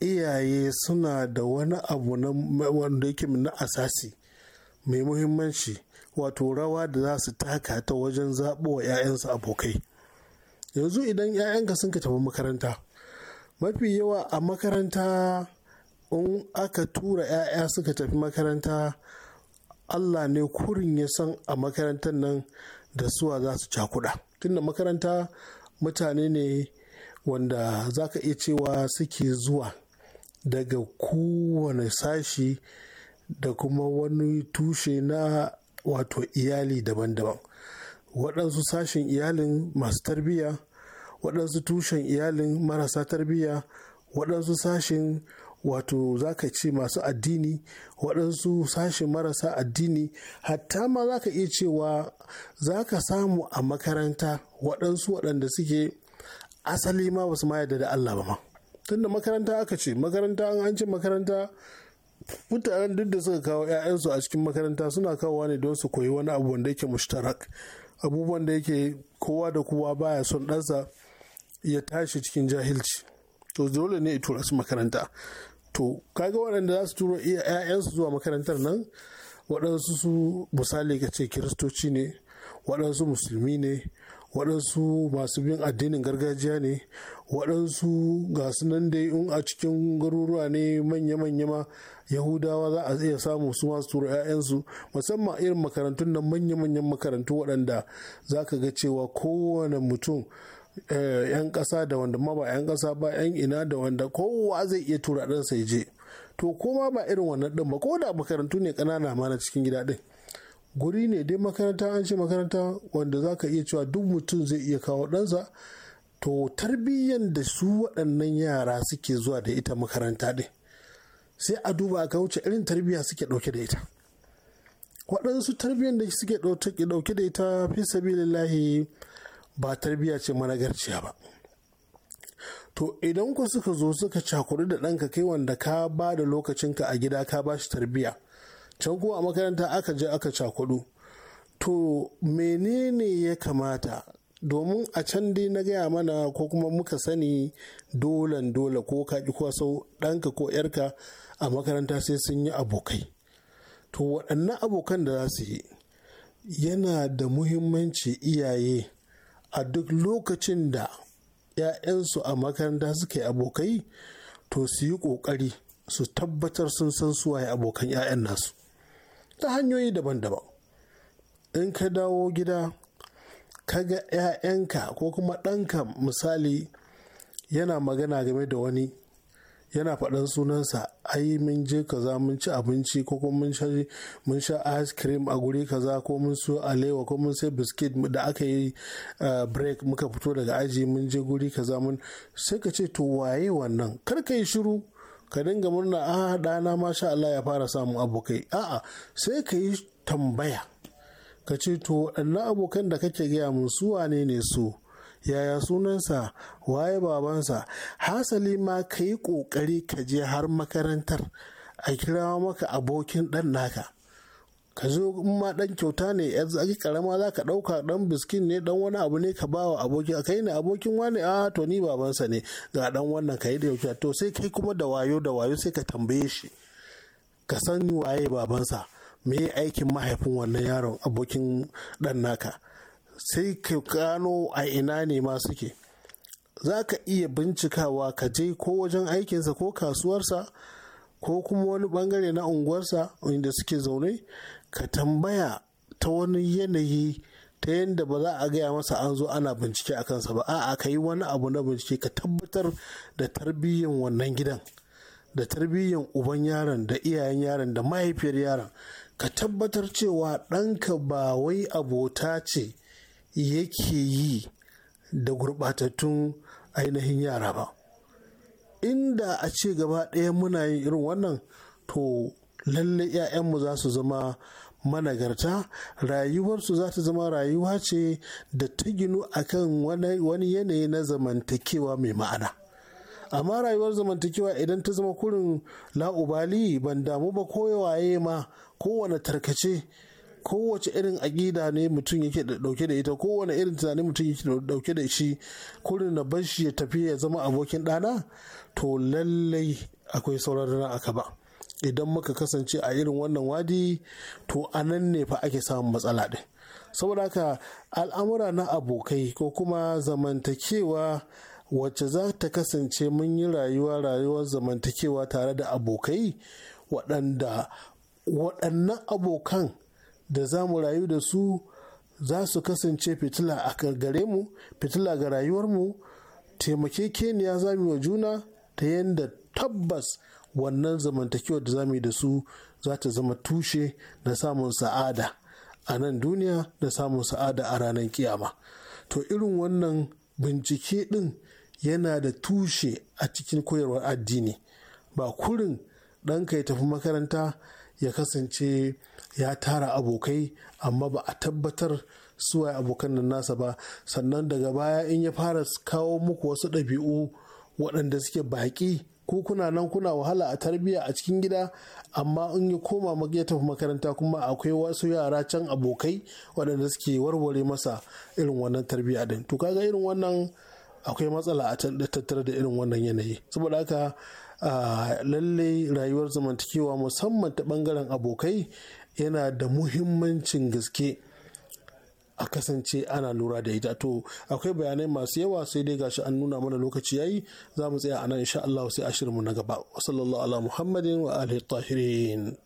iyaye suna da wani abu na wanda yake na asasi mai muhimmanci wato rawa da za su taka ta wajen zaɓowa 'ya'yansu abokai yanzu idan 'ya'yanka sun ka tafi makaranta mafi yawa a makaranta in aka tura 'ya'ya suka tafi makaranta Allah ne kurin ya san a makarantar nan da suwa za su cakuɗa tunda makaranta mutane ne wanda za ka iya cewa suke zuwa daga kowane sashi da kuma wani tushe na wato iyali daban-daban waɗansu sashen iyalin masu tarbiyya waɗansu tushen iyalin marasa tarbiyya waɗansu sashen wato za ka ce masu addini waɗansu sashen marasa addini hatta ma za ka iya cewa za ka samu a makaranta waɗansu waɗanda suke asali ma ba su ma yarda da Allah ba ma tunda makaranta aka ce makaranta an ce makaranta mutanen duk da suka kawo 'ya'yansu a cikin makaranta suna kawowa ne don su koyi wani abu wanda yake mushtarak abubuwan da yake kowa da kowa baya son ɗansa ya tashi cikin jahilci to dole ne tura su makaranta to kaga waɗanda za su turo 'ya'yansu zuwa makarantar nan waɗansu su misali ka ce kiristoci ne waɗansu musulmi ne waɗansu masu bin addinin gargajiya ne waɗansu ga su nan dai in a cikin garuruwa ne manya-manya ma yahudawa za a iya samu su masu tura 'ya'yansu musamman irin makarantun nan manya-manyan makarantu waɗanda za ka ga cewa kowane mutum Eh, 'yan kasa da wanda ma ba 'yan ƙasa ba 'yan ina da wanda kowa zai iya tura ɗansa ya je to koma ba irin wannan ɗin ba ko da makarantu ne kanana ma na cikin gida din guri ne dai makaranta an ce makaranta wanda za ka iya cewa duk mutum zai iya kawo ɗansa to tarbiyyan da su waɗannan yara suke zuwa da ita makaranta din sai a duba a wuce irin tarbiyya suke ɗauke da ita waɗansu tarbiyyan da suke ɗauke da ita fi sabilillahi ba tarbiyya ce managarciya ba to idan ku suka zo suka cakuri da ɗanka kai wanda ka ba da lokacinka a gida ka ba shi tarbiyya can kuma a makaranta aka je aka cakudu to menene ya kamata domin a can dai na gaya mana ko kuma muka sani dolan dole ko kaƙi ko sau ɗanka ko ‘yarka a makaranta sai sun yi abokai to waɗannan abokan da za su yi yana da muhimmanci iyaye a duk lokacin da 'ya'yansu a makaranta suke abokai to su yi ƙoƙari su tabbatar sun san suwaye abokan 'ya'yan nasu ta hanyoyi daban-daban in ka dawo gida ka ga 'ya'yanka ko kuma ɗanka misali yana magana game da wani yana faɗan sunansa ai mun je kaza mun ci abinci ko kuma mun sha ice cream a guri kaza ko mun so alewa ko mun sai biskit da aka yi eh, break muka fito daga aji mun je guri kaza mun sai ka ce to waye wannan kar ka yi shiru ka dinga murna a ah, ɗana sha Allah ya fara samun abokai a'a sai ka yi tambaya ka ce to waɗannan abokan da kake gaya mun su wane ne su yaya sunansa waye babansa hasali ma ka yi ƙoƙari ka je har makarantar a kira maka abokin ɗan naka ka zo ma dan kyauta ne yar zaki karama za ka dauka dan biskin ne dan wani abu ne ka ba wa abokin kai ne abokin wani a to ni babansa ne ga dan wannan ka yi da yauki to sai kai kuma da wayo da wayo sai ka tambaye shi ka san waye babansa me aikin mahaifin wannan yaron abokin dan naka sai ka gano a ina ne ma suke za ka iya bincikawa ka je ko wajen aikinsa ko kasuwarsa ko kuma wani bangare na unguwarsa inda suke zaune ka tambaya ta wani yanayi ta yadda ba za a gaya masa an zo ana bincike a kansa ba a'a ka yi wani abu na bincike ka tabbatar da tarbiyyan wannan gidan da tarbiyyan uban yaron da iyayen yaron da mahaifiyar yaron ka tabbatar cewa ɗanka ba wai abota ce yake yi da gurɓatattun ainihin yara ba inda a ce gaba ɗaya muna yin irin wannan to lalle 'ya'yanmu za su zama managarta rayuwarsu za ta zama rayuwa ce da ta ginu akan wani yanayi na zamantakewa mai ma'ana amma rayuwar zamantakewa idan ta zama kurin la'ubali ban damu ba koyawaye ma kowane tarkace kowace irin aƙida ne mutum yake dauke da ita kowane irin tunani mutum yake dauke da shi kurin na bar shi ya tafi ya zama abokin ɗana to lallai akwai sauran na aka ba idan muka kasance a irin wannan wadi to a nan ne fa ake samun matsala ɗin saboda haka al'amura na abokai ko kuma zamantakewa wacce za ta kasance mun yi rayuwa rayuwar zamantakewa tare da abokai waɗanda waɗannan abokan da za mu rayu da su za su kasance fitila a gare mu fitila ga rayuwarmu keniya za mu wa juna ta yadda tabbas wannan zamantakewa da za mu yi da su za ta zama tushe na samun sa'ada a nan duniya da samun sa'ada a ranar kiyama to irin wannan bincike ɗin yana da tushe a cikin koyarwar addini ba kurin ɗanka ya tafi makaranta ya kasance ya tara abokai amma ba a tabbatar suwaye abokan nan nasa ba sannan daga baya in ya fara kawo muku wasu ɗabi'u waɗanda suke baƙi ko kuna nan kuna wahala a tarbiyya a cikin gida amma in ya koma ya tafi makaranta kuma akwai wasu yara can abokai waɗanda suke warware masa irin wannan tarbiyya din to kaga irin wannan akwai matsala a tattara da irin wannan yanayi saboda haka ah, lalle rayuwar zamantakewa musamman ta bangaren abokai yana da muhimmancin gaske a kasance ana lura da ita to akwai bayanai masu yawa sai dai gashi an nuna mana lokaci yayi za mu tsaya a nan insha Allah sai ashirinmu na gaba wa sallallahu ala muhammadin wa alihi tahirin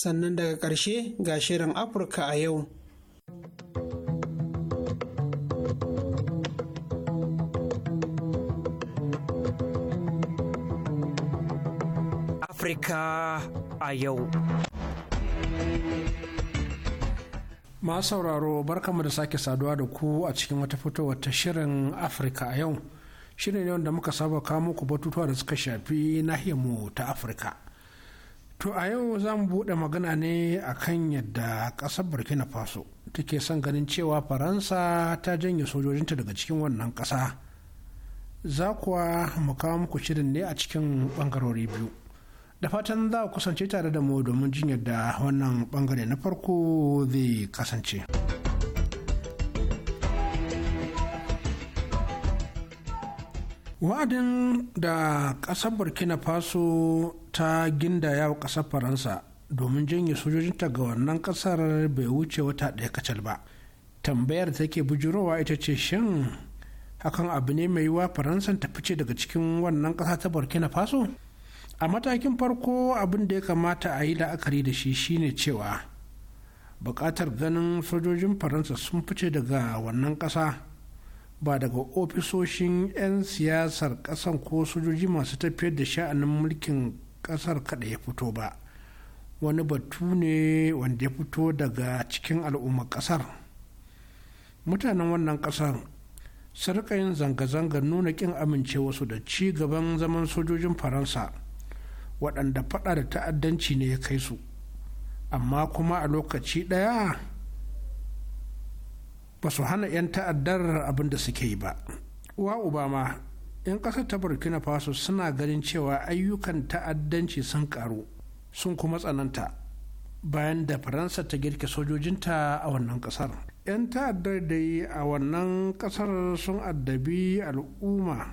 sannan daga ƙarshe ga shirin afirka a yau Afirka a yau. Masu sauraro barkamu da sake saduwa da ku a cikin wata fitowar ta shirin Afirka a yau. Shirin ne da muka saba kawo muku batutuwa da suka shafi nahiyarmu ta Afirka. To a yau za mu buɗe magana ne a kan yadda ƙasar Burkina Faso take son ganin cewa Faransa ta janye sojojinta daga cikin wannan ƙasa. Za kuwa mu kawo muku shirin ne a cikin ɓangarori biyu. da fatan za ku kusance tare da mu domin jin da wannan bangare na farko zai kasance wa'adin da ƙasar burkina faso ta gindaya wa ƙasar faransa domin janye sojojinta ga wannan ƙasar bai wuce wata ɗaya kacal ba tambayar da take bujurowa ita ce shin hakan abu ne mai yiwa faransa ta fice daga cikin wannan ƙasa ta burkina faso a matakin farko abin da ya kamata a yi la'akari da shi shine cewa buƙatar ganin sojojin faransa sun fice daga wannan ƙasa ba daga ofisoshin 'yan siyasar ƙasan ko sojoji masu tafiyar da sha'anin mulkin ƙasar kada ya fito ba wani batu ne wanda ya fito daga cikin al'ummar ƙasar mutanen wannan ƙasar sarƙa yin zanga-zanga nuna ƙin su da ci gaban zaman sojojin faransa waɗanda faɗa da ta'addanci ne ya kai su amma kuma a lokaci ɗaya ba su hana 'yan ta'addar abin da suke yi ba wa obama 'yan ƙasar ta burkina faso suna ganin cewa ayyukan ta'addanci sun ƙaru, sun kuma tsananta bayan da faransa ta girke sojojinta a wannan ƙasar 'yan ta'addar da yi a wannan ƙasar sun addabi al'umma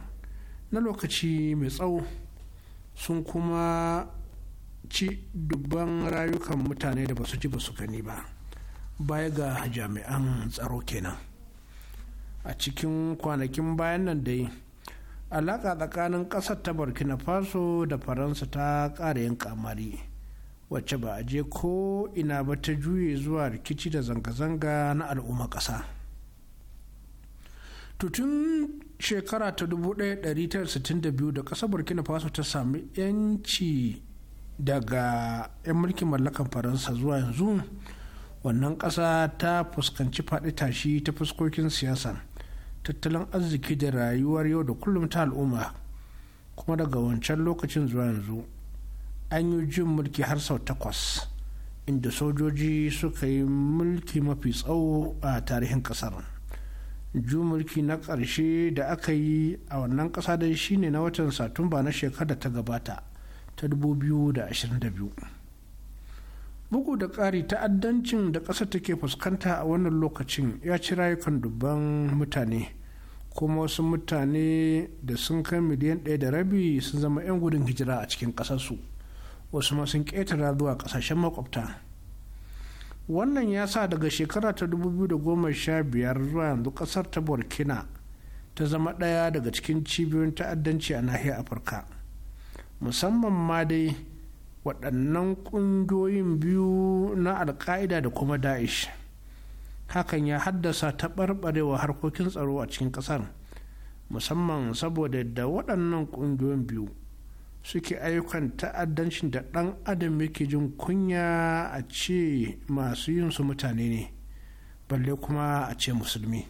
na lokaci mai tsawo sun kuma ci dubban rayukan mutane da basu ji basu gani ba baya ga jami'an tsaro kenan a cikin kwanakin bayan nan dai alaƙa tsakanin ƙasar ta burkina faso da faransa ta ƙara yin kamari wacce ba a je ko ina ba ta juye zuwa rikici da zanga-zanga na al'umma ƙasa tutun shekara ta 1962 da ƙasar burkina faso ta sami 'yanci daga 'yan mulkin mallakan faransa zuwa yanzu wannan ƙasa ta fuskanci faɗi tashi ta fuskokin siyasa tattalin arziki da rayuwar yau da kullum ta al'umma kuma daga wancan lokacin zuwa yanzu an yi jin mulki har sau takwas inda sojoji suka yi mulki mafi tsawo a tarihin ƙasar. mulki na ƙarshe da aka yi a wannan ƙasa dai ne na watan satumba na shekarar ta gabata ta 2022 bugu da ƙari ta'addancin da ƙasa take fuskanta a wannan lokacin ya ci rayukan dubban mutane kuma wasu mutane da sun kai miliyan ɗaya da rabi sun zama 'yan gudun hijira a cikin ƙasarsu wasu ma sun ƙetara zuwa ƙasashen makwabta wannan ya sa daga shekara ta 2015 zuwa yanzu kasar ta burkina ta zama ɗaya daga cikin cibiyoyin ta'addanci a nahiyar afirka musamman ma dai waɗannan ƙungiyoyin biyu na alka'ida da kuma da'ish hakan ya haddasa taɓarɓarewa harkokin tsaro a cikin ƙasar musamman saboda da waɗannan ƙungiyoyin biyu suke ayyukan ta'addancin da ɗan adam yake jin kunya a ce masu yin su mutane ne balle kuma a ce musulmi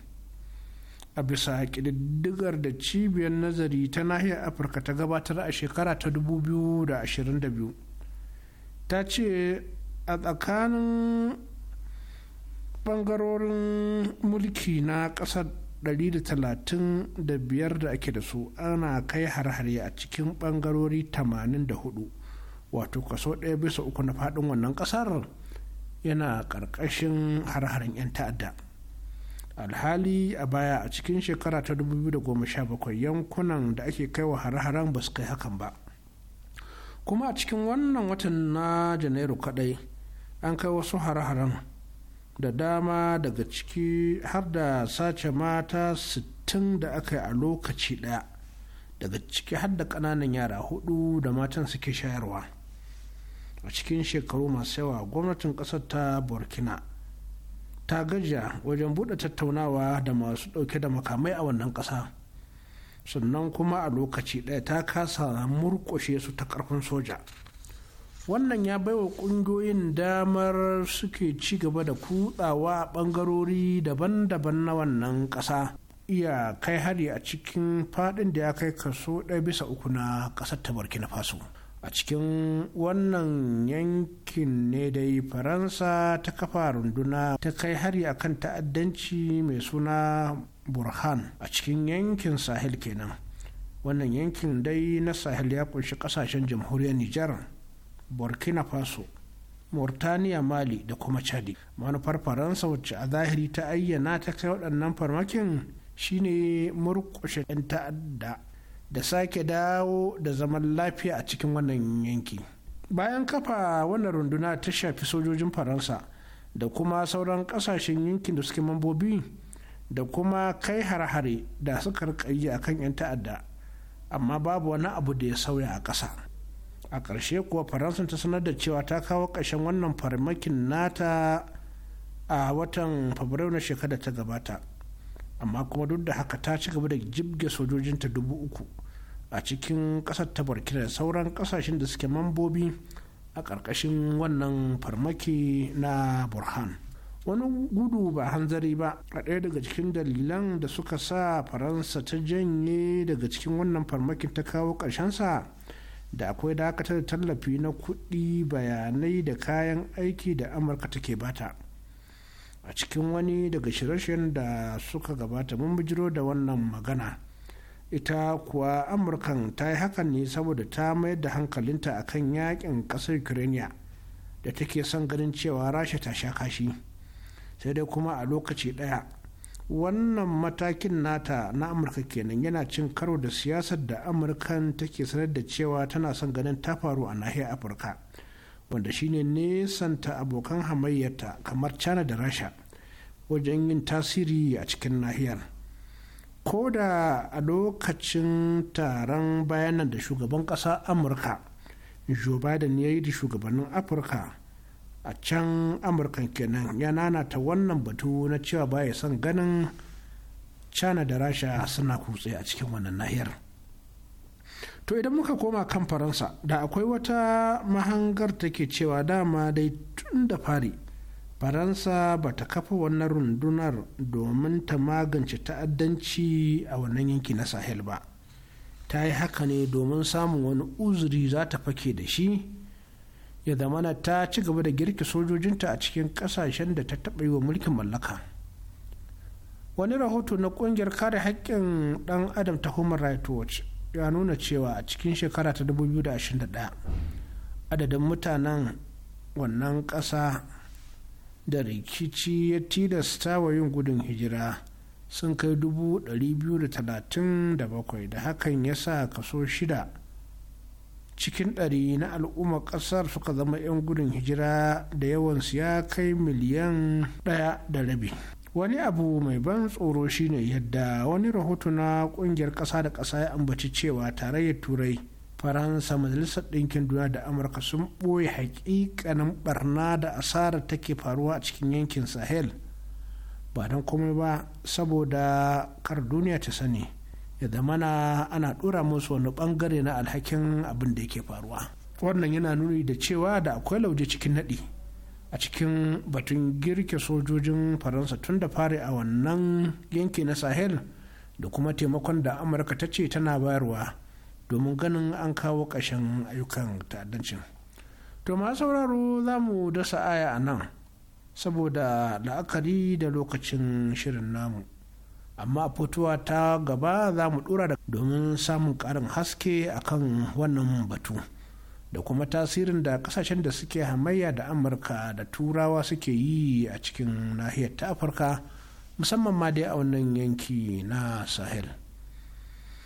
a bisa ƙididdigar da cibiyar nazari ta nahiyar afirka ta gabatar a shekara ta 2022 ta ce a tsakanin bangarorin mulki na ƙasar 135 da ake da su ana kai har a cikin bangarori 84 wato kaso ɗaya bisa uku na faɗin wannan ƙasar yana ƙarƙashin har-haren 'yan ta'adda alhali a baya a cikin shekara ta 2017 yankunan da ake kaiwa har-haren ba su kai hakan ba kuma a cikin wannan watan na janairu kadai an kai wasu har-haren da dama daga ciki har da sace mata 60 da aka yi a lokaci ɗaya daga ciki har da ƙananan yara hudu da matan suke shayarwa a cikin shekaru masu yawa gwamnatin ƙasar ta burkina ta gajiya wajen buɗe tattaunawa da masu ɗauke da makamai a wannan ƙasa sannan kuma a lokaci ɗaya ta kasa murƙushe su ta ƙarfin soja. wannan ya baiwa kungiyoyin damar suke ci gaba da kutsawa bangarori daban-daban na wannan ƙasa iya kai hari a cikin fadin da ya kai kaso ɗaya bisa uku na ƙasar ta burkina faso a cikin wannan yankin ne dai faransa ta kafa runduna ta kai hari a kan ta'addanci mai suna burhan a cikin yankin sahel kenan wannan yankin dai na sahel ya kunshi kasashen jamhuriyar nijar burkina faso mauritania mali da kuma chadi manufar faransa wacce a zahiri ta ayyana ta kai waɗannan farmakin shine murƙushe 'yan ta'adda da sake dawo da zaman lafiya a cikin wannan yanki bayan kafa wannan runduna ta shafi sojojin faransa da kuma sauran ƙasashen yankin da suke mambobi da kuma kai har-hare da suka rikayi a kan 'yan ta'adda amma babu wani abu da ya sauya a ƙasa a ƙarshe kuwa faransa ta sanar da cewa ta kawo ƙarshen wannan farmakin nata a watan fabrairu na shekarar ta gabata amma kuma duk da haka ta ci gaba da jibge sojojinta dubu uku a cikin ƙasar ta burkina da sauran ƙasashen da suke mambobi a ƙarƙashin wannan farmaki na burhan wani gudu ba hanzari ba a ɗaya daga cikin dalilan da suka sa faransa ta janye daga cikin wannan farmakin ta kawo ƙarshensa da akwai dakatar tallafi na kuɗi bayanai da kayan aiki da amurka take bata a cikin wani daga shirashen da suka gabata mun bijiro da wannan magana ita kuwa amurkan ta yi hakan ne saboda ta mayar da hankalinta a kan yakin ƙasar ukraine da take son ganin cewa rasha ta sha kashi sai dai kuma a lokaci ɗaya wannan matakin nata na amurka kenan yana cin karo da siyasar da amurkan take sanar da cewa tana son ganin ta faru a nahiyar afirka wanda shine nesanta abokan hamayyata kamar china da rasha wajen yin tasiri a cikin nahiyar ko da a lokacin taron bayanan da shugaban kasa amurka joe biden ya yi da shugabannin afirka a can amurkan kenan ya ta wannan batu na cewa baya son ganin china da rasha suna kutse a cikin wannan nahiyar to idan muka koma kan faransa da akwai wata mahangar ke cewa dama dai tun da fari faransa ba ta kafa wannan rundunar domin ta magance ta'addanci a wannan yanki na sahel ba ta yi haka ne domin samun wani uzuri za ta fake da shi ya zamana ta ci gaba da girki sojojinta a cikin kasashen da ta taɓa yi wa mulkin mallaka wani rahoto na ƙungiyar kare haƙƙin ɗan adam ta human rights watch ya nuna cewa a cikin shekara ta 2021 adadin mutanen wannan ƙasa da rikici ya tilasta wa yin gudun hijira sun kai 237 da hakan ya sa kaso shida cikin ɗari na al'ummar ƙasar suka zama 'yan gudun hijira da yawansu ya kai miliyan ɗaya da rabi wani abu mai ban tsoro shine yadda wani rahoto na ƙungiyar ƙasa da ƙasa ya ambaci cewa tarayyar turai faransa majalisar ɗinkin duniya da amurka sun ɓoye haƙiƙanin barna da asarar take faruwa a cikin yankin sahel ba don komai ba saboda kar duniya ta sani ya mana ana dora musu wani bangare na alhakin abin da yake faruwa wannan yana nuni da cewa da akwai lauje cikin naɗi a cikin batun girke sojojin faransa tun da fari a wannan yanki na sahel da kuma taimakon da amurka ta ce tana bayarwa domin ganin an kawo ƙashin ayyukan ta'addancin to ma sauraro za mu dasa aya a nan saboda la'akari da lokacin shirin namu amma fitowa ta gaba za mu dora da domin samun karin haske akan wannan batu da kuma tasirin da kasashen da suke hamayya da amurka da turawa suke yi a cikin nahiyar ta afirka musamman ma dai a wannan yanki na sahel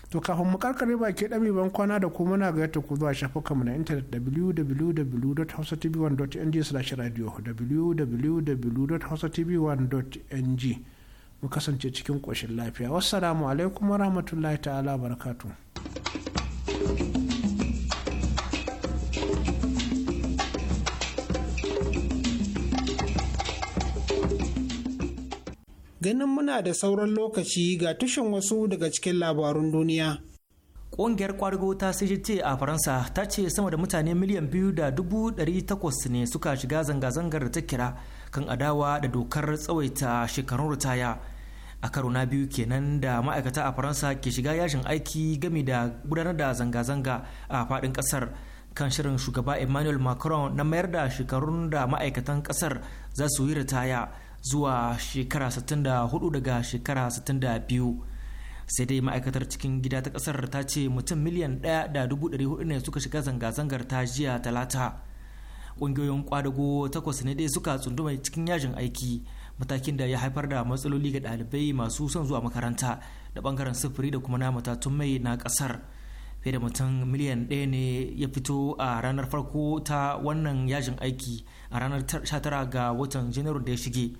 to kafin mu karkare baki dami ban kwana da kuma muna ga ta ku zuwa shafukanmu na intanet www.hausatv1.ng/radio www.hausatv1.ng mu kasance cikin ƙoshin lafiya wassalamu alaikum rahmatullahi ta'ala barakatu. ganin muna da sauran lokaci ga tushen wasu daga cikin labarun duniya Ƙungiyar kwarigo ta CGT a Faransa ta ce sama da mutane miliyan biyu da dubu ɗari takwas ne suka shiga zanga-zangar da ta kira kan adawa da dokar tsawaita shekarun ritaya. A karo na biyu kenan da ma'aikata a Faransa ke shiga yashin aiki gami da gudanar da zanga-zanga a faɗin ƙasar kan shirin shugaba Emmanuel Macron na mayar da shekarun da ma'aikatan ƙasar za su yi ritaya zuwa shekara 64 daga shekara 62. sai dai ma'aikatar cikin gida ta kasar ta ce mutum miliyan ɗaya da dubu ɗari hudu ne suka shiga zanga-zangar ta jiya talata ƙungiyoyin kwadago takwas ne dai suka tsunduma cikin yajin aiki matakin da ya haifar da matsaloli ga ɗalibai masu son zuwa makaranta da ɓangaren sufuri da kuma na matatun mai na ƙasar fiye da mutum miliyan ɗaya ne ya fito a ranar farko ta wannan yajin aiki a ranar 19 ga watan janairu da ya shige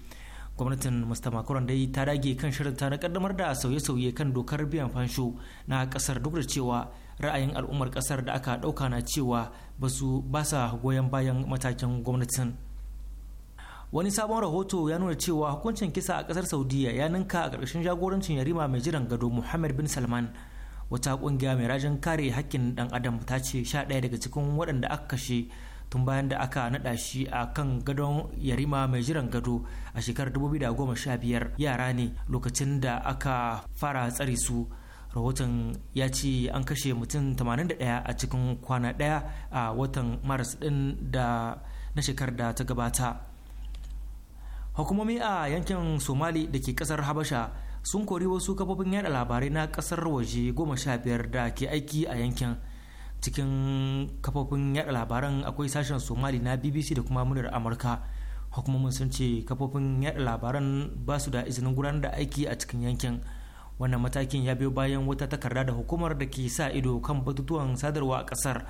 gwamnatin mr macron dai ta dage kan shirin ta na kaddamar da sauye-sauye kan dokar biyan fansho na kasar duk da cewa ra'ayin al'ummar kasar da aka dauka na cewa ba su ba goyon bayan matakin gwamnatin wani sabon rahoto ya nuna cewa hukuncin kisa a kasar saudiya ya ninka a ƙarƙashin jagorancin yarima mai jiran gado muhammad bin salman wata ƙungiya mai rajin kare hakkin dan adam ta ce sha ɗaya daga cikin waɗanda aka kashe tun bayan da aka naɗa shi a kan gadon yarima mai jiran gado a shekarar 2015 yara ne lokacin da aka fara tsare su rahoton ya ce an kashe mutum 81 a cikin kwana daya a watan maris din da na shekarar da ta gabata hukumomi a yankin somali da ke kasar habasha sun kori wasu kafofin yada labarai na kasar waje 15 da ke aiki a yankin cikin kafofin yada labaran akwai sashen somali na bbc da kuma muryar amurka hukumomin sun ce kafofin yada labaran ba su da izinin gudanar da aiki a cikin yankin wannan matakin ya biyo bayan wata takarda da hukumar da ke sa ido kan batutuwan sadarwa a kasar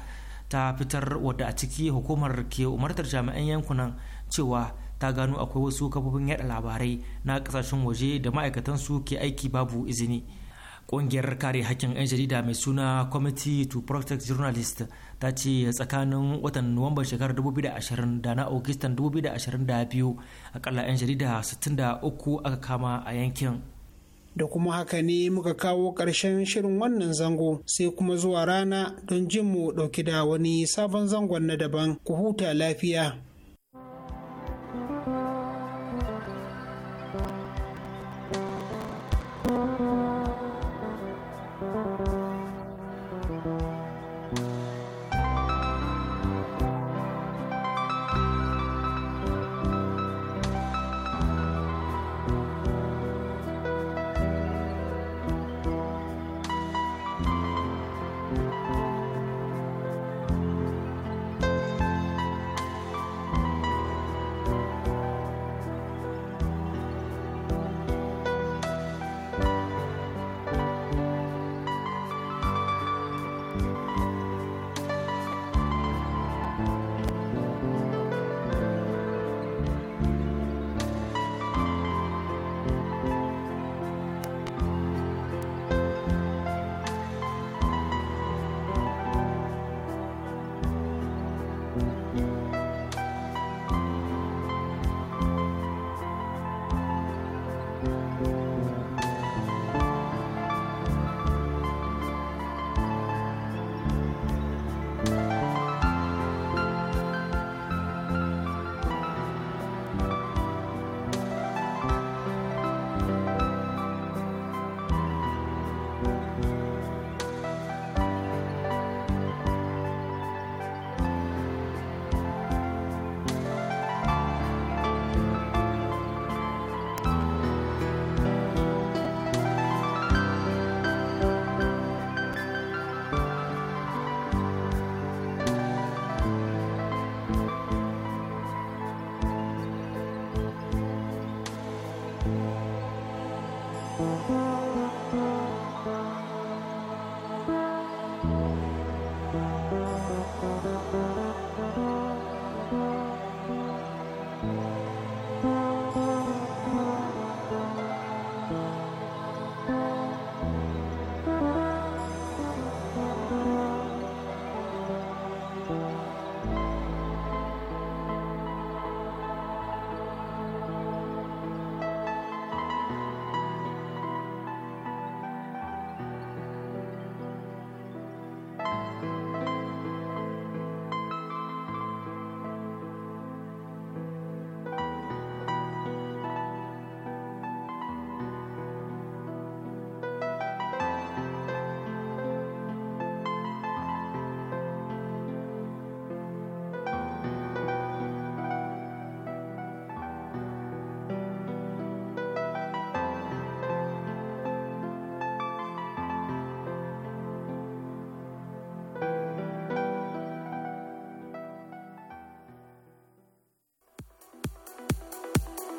ta fitar wadda a ciki hukumar ke umartar jami'an yankunan cewa ta gano akwai wasu kafofin yada labarai na kasashen waje da ma'aikatan su ke aiki babu izini Ƙungiyar kare hakkin 'yan jarida mai suna Committee to Protect Journalists ta ce tsakanin watan Nuwamban shekarar 2020 da na augustan 2022 akalla 'yan jarida 63 aka kama a yankin. da kuma haka ne muka kawo ƙarshen shirin wannan zango sai kuma zuwa rana don jin mu ɗauki da wani sabon zangon na daban ku huta lafiya.